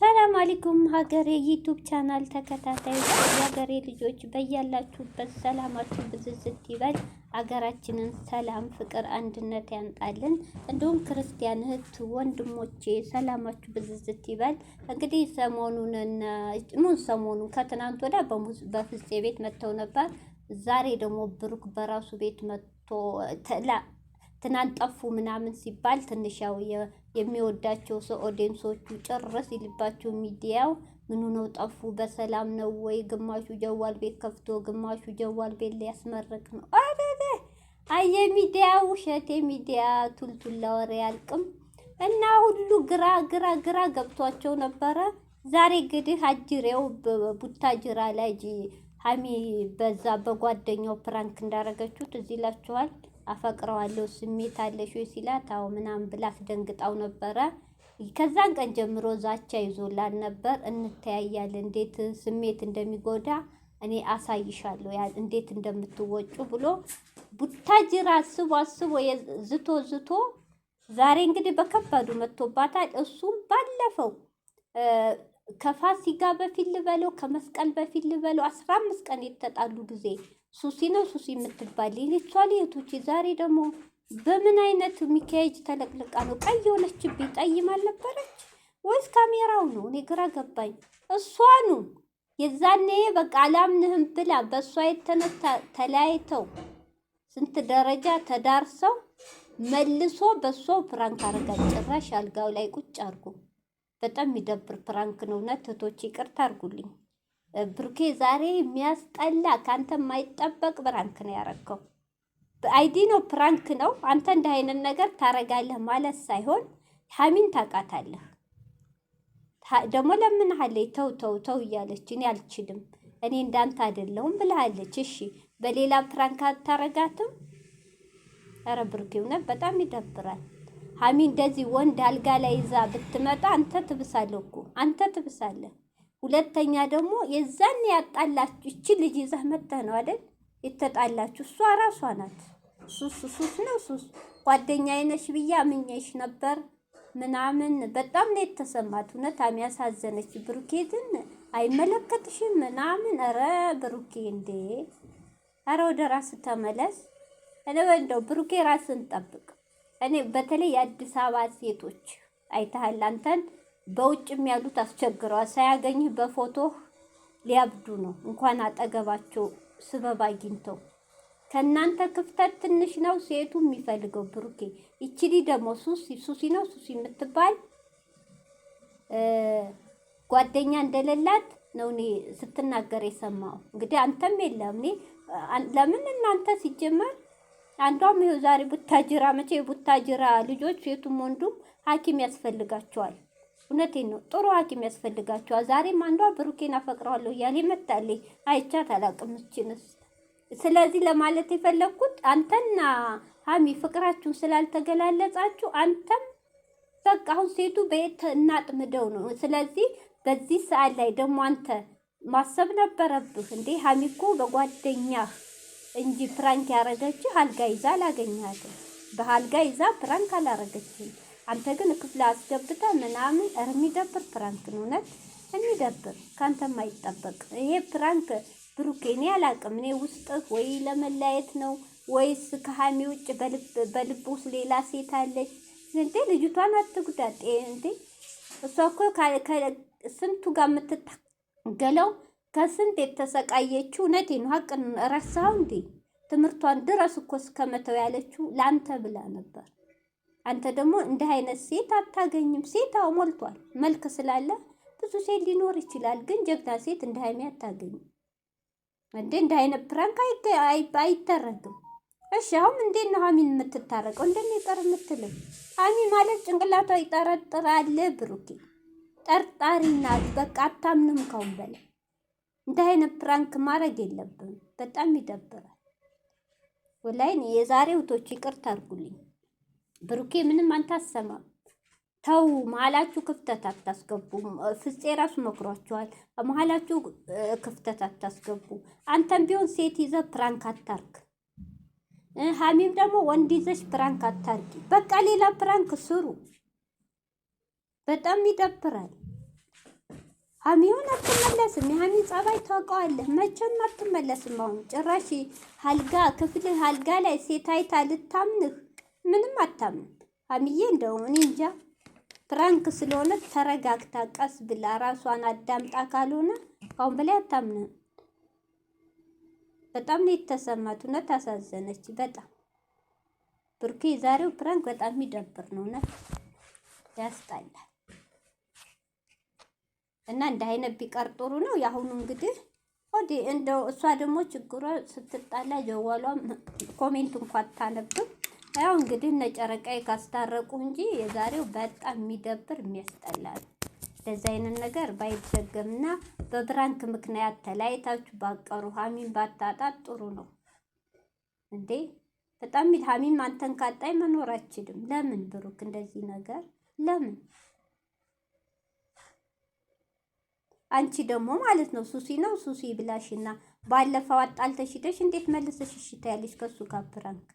ሰላም አለይኩም ሀገሬ ዩቱብ ቻናል ተከታታይ የሀገሬ ልጆች በያላችሁበት ሰላማችሁ ብዝዝት ይበል። ሀገራችንን ሰላም፣ ፍቅር፣ አንድነት ያምጣልን። እንዲሁም ክርስቲያን እህት ወንድሞቼ ሰላማችሁ ብዝዝት ይበል። እንግዲህ ሰሞኑን ሙን ሰሞኑን ከትናንት ወዲያ በፍፄ ቤት መጥተው ነበር። ዛሬ ደግሞ ብሩክ በራሱ ቤት መጥቶ ትናንት ጠፉ ምናምን ሲባል ትንሽ ያው የሚወዳቸው ሰው ኦዲየንሶቹ ጭርስ ይልባቸው ሚዲያው ምኑ ነው ጠፉ በሰላም ነው ወይ? ግማሹ ጀዋል ቤት ከፍቶ ግማሹ ጀዋል ቤት ሊያስመርቅ ነው። አደደ አየ ሚዲያ ውሸት የሚዲያ ቱልቱላ ወሬ ያልቅም እና ሁሉ ግራ ግራ ግራ ገብቷቸው ነበረ። ዛሬ እንግዲህ አጅሬው ቡታጅራ ላይ ሀሚ በዛ በጓደኛው ፕራንክ እንዳረገችሁት እዚህ ይላችኋል። አፈቅረዋለሁ ስሜት አለሽ ወይ ሲላት አዎ ምናምን ብላ አስደንግጣው ነበረ። ከዛን ቀን ጀምሮ ዛቻ ይዞላል ነበር። እንተያያለን፣ እንዴት ስሜት እንደሚጎዳ እኔ አሳይሻለሁ፣ ያ እንዴት እንደምትወጩ ብሎ ቡታጅራ አስቦ አስቦ ዝቶ ዝቶ ዛሬ እንግዲህ በከባዱ መጥቶባታል። እሱም ባለፈው ከፋሲካ በፊት ልበለው ከመስቀል በፊት ልበለው አስራ አምስት ቀን የተጣሉ ጊዜ ሱሲ ነው ሱሲ የምትባል ሌሊቷል የቶቼ ዛሬ ደግሞ በምን አይነት ሚካሄጅ ተለቅልቃ ነው ቀይ የሆነችብኝ? ጠይም አልነበረች ወይስ ካሜራው ነው? እኔ ግራ ገባኝ። እሷኑ የዛኔ በቃ አላምንህም ብላ በእሷ የተነሳ ተለያይተው ስንት ደረጃ ተዳርሰው መልሶ በእሷ ፕራንክ አርጋ ጭራሽ አልጋው ላይ ቁጭ አድርጎ በጣም የሚደብር ፕራንክ ነው። እውነት እህቶች ይቅርታ አድርጉልኝ። ብሩኬ ዛሬ የሚያስጠላ ከአንተ የማይጠበቅ ፕራንክ ነው ያረከው። አይዲ ነው ፕራንክ ነው። አንተ እንደ አይነት ነገር ታረጋለህ ማለት ሳይሆን ሀሚን ታውቃታለህ። ደግሞ ለምንሃለች ተው ተው ተው እያለች እኔ አልችልም እኔ እንዳንተ አይደለሁም ብላለች እሺ በሌላ ፕራንክ አታረጋትም? ኧረ ብሩኬ እውነት በጣም ይደብራል። ሀሚ እንደዚህ ወንድ አልጋ ላይ ይዛ ብትመጣ አንተ ትብሳለህ እኮ አንተ ትብሳለህ። ሁለተኛ ደግሞ የዛን ያጣላችሁ እቺ ልጅ ይዛህ መጥተህ ነው አይደል የተጣላችሁ። እሷ ራሷ ናት። ሱስ ሱስ ነው ሱስ። ጓደኛ ነሽ ብዬ አምኜሽ ነበር ምናምን በጣም ነው የተሰማት። እውነት ሀሚ ብሩኬትን አይመለከትሽም ምናምን። ኧረ ብሩኬ እንዴ! ኧረ ወደ ራስ ተመለስ። እንደው ብሩኬ ራስን ጠብቅ። እኔ በተለይ የአዲስ አበባ ሴቶች አይተሃል አንተን በውጭም ያሉት አስቸግረዋል። ሳያገኝህ በፎቶ ሊያብዱ ነው። እንኳን አጠገባቸው ስበብ አግኝተው ከእናንተ ክፍተት ትንሽ ነው ሴቱ የሚፈልገው። ብሩኬ ይችሊ ደግሞ ሱሲ ሱሲ ነው ሱሲ የምትባል ጓደኛ እንደሌላት ነው እኔ ስትናገር የሰማው። እንግዲህ አንተም የለም። እኔ ለምን እናንተ ሲጀመር አንዷም ይኸው ዛሬ ቡታጅራ መቼ የቡታጅራ ልጆች ሴቱም ወንዱም ሐኪም ያስፈልጋቸዋል። እውነቴን ነው። ጥሩ ሐኪም ያስፈልጋቸዋል። ዛሬም አንዷ ብሩኬን አፈቅረዋለሁ እያለ መጣልኝ። አይቻት አላቅም እችንስ። ስለዚህ ለማለት የፈለግኩት አንተና ሀሚ ፍቅራችሁን ስላልተገላለጻችሁ አንተም በቃ አሁን ሴቱ በየት እናጥምደው ነው። ስለዚህ በዚህ ሰዓት ላይ ደግሞ አንተ ማሰብ ነበረብህ እንዴ ሀሚ እኮ በጓደኛህ እንጂ ፕራንክ ያረገች አልጋ ይዛ አላገኘሃትም። በአልጋ ይዛ ፕራንክ አላረገች አንተ ግን ክፍለ አስገብተ ምናምን የሚደብር ፕራንክ ነው። እውነት የሚደብር ከአንተም አይጠበቅ ይሄ ፕራንክ። ብሩኬ እኔ አላቅም። እኔ ውስጥ ወይ ለመለያየት ነው ወይስ ከሀሚ ውጭ በልብ ውስጥ ሌላ ሴት አለች እንዴ? ልጅቷን አትጉዳጤ እንዴ! እሷ እኮ ስንቱ ጋር የምትታገለው ከስንት የተሰቃየችው እውነቴ ነው። ሀቅን ረሳው እንዴ? ትምህርቷን ድረስ እኮ እስከመተው ያለችው ለአንተ ብላ ነበር። አንተ ደግሞ እንዲህ አይነት ሴት አታገኝም። ሴታው ሞልቷል። መልክ ስላለ ብዙ ሴት ሊኖር ይችላል፣ ግን ጀግና ሴት እንደ ሀይሚ አታገኝም። እንዴ እንደ አይነት ፕራንክ አይተረግም። እሺ አሁን እንዴት ነው ሀሚን የምትታረቀው? እንደሚቀር የምትለው ሀሚ ማለት ጭንቅላቷ ይጠረጥራል። ብሩኬ ጠርጣሪ ናት። በቃ አታምንም ከውን በላይ እንደ አይነት ፕራንክ ማድረግ የለብም። በጣም ይደብራል። ወላይ የዛሬ ውቶች ይቅርታ አድርጉልኝ። ብሩኬ ምንም አንታሰማ ተው መሀላችሁ ክፍተት አታስገቡ። ፍፄ ራሱ መክሯቸዋል። መሀላችሁ ክፍተት አታስገቡ። አንተም ቢሆን ሴት ይዘ ፕራንክ አታርክ ሀሚም ደግሞ ወንድ ይዘሽ ፕራንክ አታርጊ። በቃ ሌላ ፕራንክ ስሩ። በጣም ይደብራል። አሚሁን አትመለስም። የሀሚ ጸባይ ታውቀዋለህ። መቼም አትመለስም። አሁን ጭራሽ አልጋ ክፍልህ አልጋ ላይ ሴት አይታ ልታምንህ ምንም አታምን። አሚዬ። እንደው እኔ እንጃ ፕራንክ ስለሆነ ተረጋግታ ቀስ ብላ ራሷን አዳምጣ ካልሆነ አሁን በላይ አታምንም። በጣም ነው የተሰማት። እውነት አሳዘነች በጣም ብርኬ። ዛሬው ፕራንክ በጣም ይደብር ነው እውነት ያስጣላል። እና እንደ አይነት ቢቀር ጥሩ ነው። የአሁኑ እንግዲህ ኦዲ እንደው እሷ ደግሞ ችግሯ ስትጣላ ጀዋሏ ኮሜንት እንኳን ታነብም። ያው እንግዲህ እነ ጨረቃዬ ካስታረቁ እንጂ የዛሬው በጣም የሚደብር የሚያስጠላ ነው። እንደዚህ አይነት ነገር ባይደገምና በብራንክ ምክንያት ተለያይታችሁ ባቀሩ ሀሚን ባታጣት ጥሩ ነው እንዴ። በጣም ሀሚም አንተን ካጣይ መኖር አችልም። ለምን ብሩክ እንደዚህ ነገር ለምን አንቺ ደግሞ ማለት ነው ሱሲ ነው ሱሲ ብላሽና ባለፈው አጣልተሽተሽ እንዴት መልሰሽ እሽታ ከሱ ጋር ፕራንክ